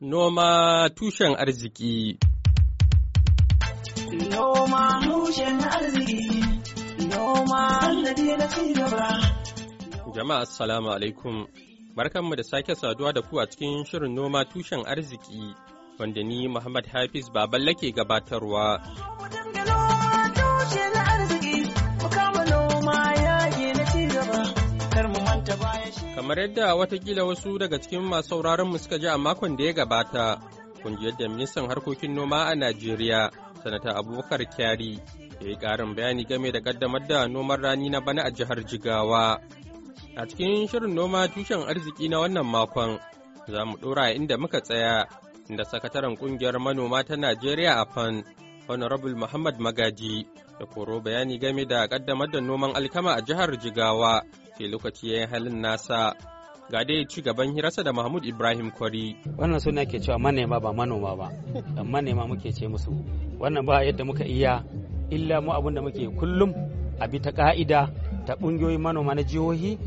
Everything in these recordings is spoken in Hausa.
Noma tushen arziki Noma tushen arziki Noma allade Jama'a assalamu alaikum Barkanmu da sake saduwa da ku a cikin shirin noma tushen arziki wanda ni Muhammad Hafiz Baballa ke gabatarwa kamar yadda watakila wasu daga cikin masu sauraron mu suka ji a makon da ya gabata kungiyar da ministan harkokin noma a najeriya sanata abubakar kyari ya yi karin bayani game da kaddamar da noman rani na bana a jihar jigawa a cikin shirin noma tushen arziki na wannan makon za mu ɗora inda muka tsaya inda sakataren kungiyar manoma ta najeriya a fan honorable muhammad magaji da koro bayani game da kaddamar da noman alkama a jihar jigawa ke lokaci ya halin nasa ga dai ci gaban hirarsa da mahmud ibrahim kwari wannan suna ke cewa manema ba manoma ba manema muke ce musu wannan ba yadda muka iya illa mu abun da muke kullum a bi ta ka'ida ta ƙungiyoyin manoma na jihohi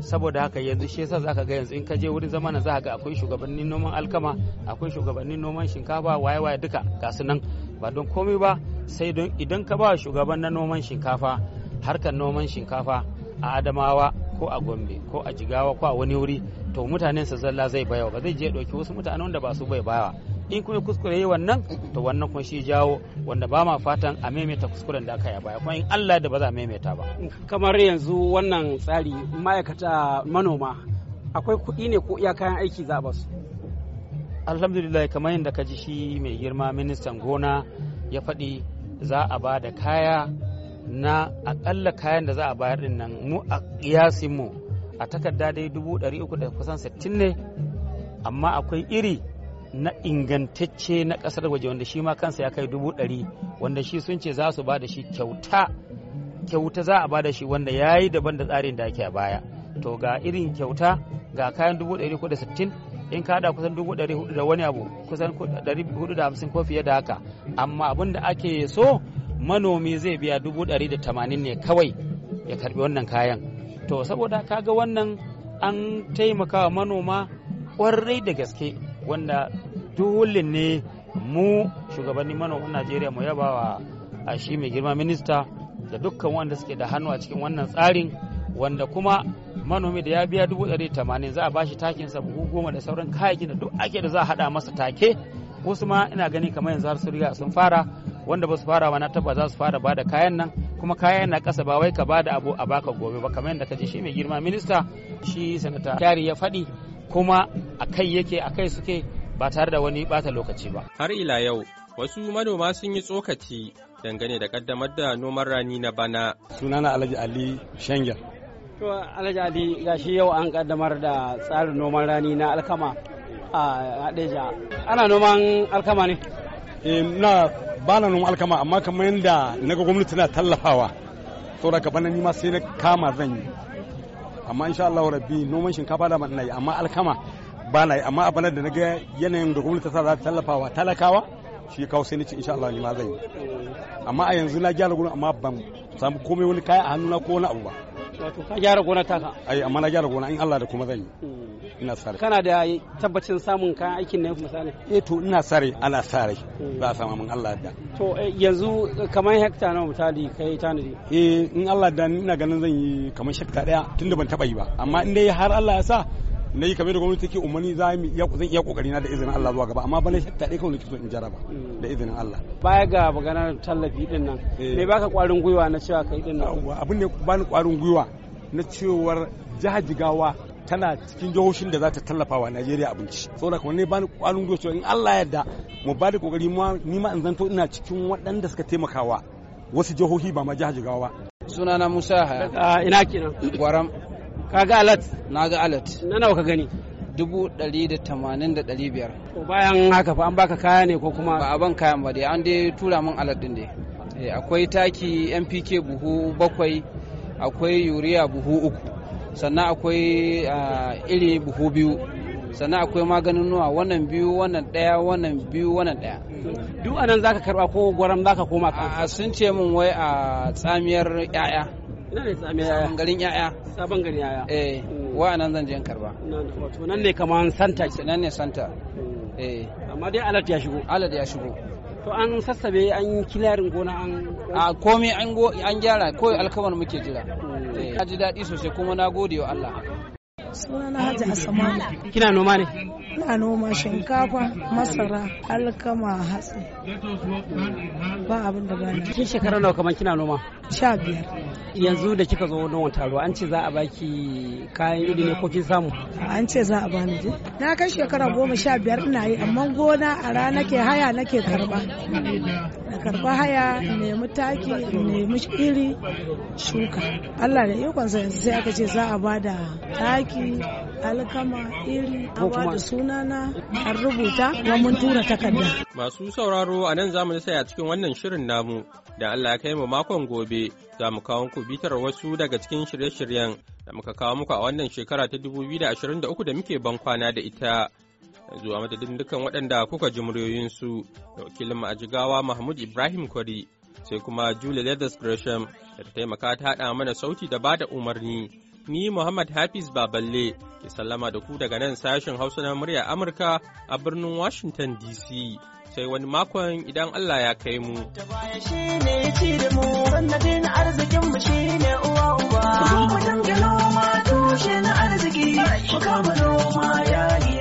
saboda haka yanzu shi yasa zaka ga yanzu in ka je wurin zamana za ga akwai shugabannin noman alkama akwai shugabannin noman shinkafa waye waye duka ga nan ba don komai ba sai don idan ka ba shugaban na noman shinkafa harkar noman shinkafa a adamawa ko a gombe ko a jigawa ko a wani wuri to mutanen sa zalla zai bayawa ba zai je ɗauki wasu mutanen da ba su bai bawa in kuma kuskure yi wannan to wannan kun shi jawo wanda ba ma fatan a maimaita kuskuren da aka yi baya kuma in Allah da ba za a maimaita ba kamar yanzu wannan tsari ma'aikata manoma akwai kuɗi ne ko iya kayan aiki za a basu alhamdulillah kamar yadda ka ji shi mai girma ministan gona ya faɗi za a ba da kaya na akalla kayan da za a bayar din nan mu a kiyasin mu a takarda dai dubu ɗari uku da kusan sittin ne amma akwai iri na ingantacce na ƙasar waje wanda shi ma kansa ya kai dubu ɗari wanda shi sun ce za su ba da shi kyauta kyauta za a ba da shi wanda ya yi daban da tsarin da ake a baya to ga irin kyauta ga kayan dubu ɗari uku da sittin in ka hada kusan dubu ɗari hudu da wani abu kusan ɗari hudu da hamsin ko fiye da haka amma abin da ake so manomi zai biya dubu ɗari da tamanin ne kawai ya karbi wannan kayan to saboda ka ga wannan an taimaka wa manoma kwarai da gaske wanda dole ne mu shugabannin manoman najeriya mu yaba wa a shi mai girma minista da dukkan wanda suke da hannu a cikin wannan tsarin wanda kuma manomi da ya biya dubu ɗari tamanin za a bashi takin sa buhu goma da sauran kayayyakin da duk ake da za a haɗa masa take wasu ma ina gani kamar yanzu har su sun fara wanda ba su fara ba na taba za su fara bada kayan nan kuma kayan na ƙasa ba wai ka da abu a baka gobe ba kamar yadda ka ji shi mai girma minista shi sanata kyari ya faɗi kuma a kai yake a kai suke ba tare da wani bata lokaci ba har ila yau wasu manoma sun yi tsokaci dangane da kaddamar da noman rani na bana sunana alhaji ali shangel To Alhaji gashi yau an kaddamar da tsarin noman rani na alkama a Hadeja. Ana noman alkama ne? Eh, na ba na noman alkama amma kamar yadda na ga gwamnati na tallafawa. da ka bana nima sai na kama zan yi. Amma insha Allah rabbi noman shinkafa da na yi amma alkama ba na yi amma a bana da na ga yanayin da gwamnati ta za ta tallafawa talakawa shi kawo sai ni ce insha Allah nima zan yi. Amma a yanzu na gyara gurin amma ban samu komai wani kaya a hannuna ko wani abu ba. wato ka gyara gona taka ai amma na gyara gona in Allah da kuma zan yi mm. ina sare kana da tabbacin samun kayan aikin ne misali eh to ina sare ana sare mm. za a samu Allah da to eh, yanzu kamar hekta nawa misali kai tanadi eh in Allah da ina ganin zan yi kamar shekta daya tunda ban taba yi ba amma in dai har Allah ya sa na yi kamar da gwamnati take umarni za mu iya zan iya kokari na da izinin Allah zuwa gaba amma bana shakka dai kawai nake so in ba mm. da izinin Allah baya ga maganar tallafi din nan eh. me baka kwarin gwiwa na cewa kai din nan abin ne bani kwarin gwiwa na cewar jihar Jigawa tana cikin jihohin da za ta tallafa wa Najeriya abinci saboda kuma ne bani kwarin gwiwa cewa in Allah yarda mu ba da kokari ni ma in zanto ina cikin waɗanda suka taimakawa wasu jihohi ba ma jihar Jigawa sunana Musa ah, Ina kenan Gwaram Ka ga alat? Na ga alat. Na nawa ka gani? dubu ɗari da tamanin da ɗari biyar. Bayan haka fa an baka kaya ne ko kuma? Ba a ban kayan ba dai an dai tura min alat din dai. Eh, akwai taki MPK buhu bakwai, akwai yuriya buhu uku, sannan akwai ah, iri buhu biyu, sannan akwai maganin nuwa wannan biyu wannan ɗaya wannan biyu wannan ɗaya. Duk anan zaka karɓa ko gwaram zaka koma kan? Sun ce min wai a tsamiyar 'ya'ya. ina ne tsamiya eh. sabon garin yaya sabon garin yaya eh mm. wa nan zan je karba wato nan ne kaman santa ce nan ne santa mm. eh amma dai alat ya shigo alat ya shigo to an sassabe an kilarin gona an a komai an an gyara ko alkawar muke jira mm. eh ji daɗi sosai kuma na gode wa Allah sunana Hajji Asmanu kina noma ne Ina noma shinkafa, masara, alkama, hatsi. Ba abin da bani. Kin shekara nawa kamar kina noma? Sha biyar. Yanzu da kika zo wata taro an ce za a baki kayan ido ne ko kin samu? An ce za a bani je. Na kai shekara goma sha biyar ina yi amma gona a rana ke haya nake karba. Da karba haya in nemi taki nemi iri shuka allah da ikonsa yanzu sai aka ce za a bada taki alkama iri a bada sunana an rubuta kuma mun tura takarda masu sauraro a nan zamu saya cikin wannan shirin namu da allah ya kai mu makon gobe za mu kawo ku bitar wasu daga cikin shirye-shiryen da muka kawo muku a wannan shekara ta 2023 da muke ban kwana da ita zuwa madadin dukkan waɗanda kuka ji muryoyinsu da wakilin ma'ajigawa Mahmud Ibrahim Kwari sai kuma Julie Leathers Gresham da ta taimaka ta haɗa mana sauti da bada umarni. Ni Muhammad Hafiz Baballe ke sallama da ku daga nan sashen Hausa na murya Amurka a birnin Washington DC. Sai wani makon idan Allah ya kai mu. Mu kama noma yayi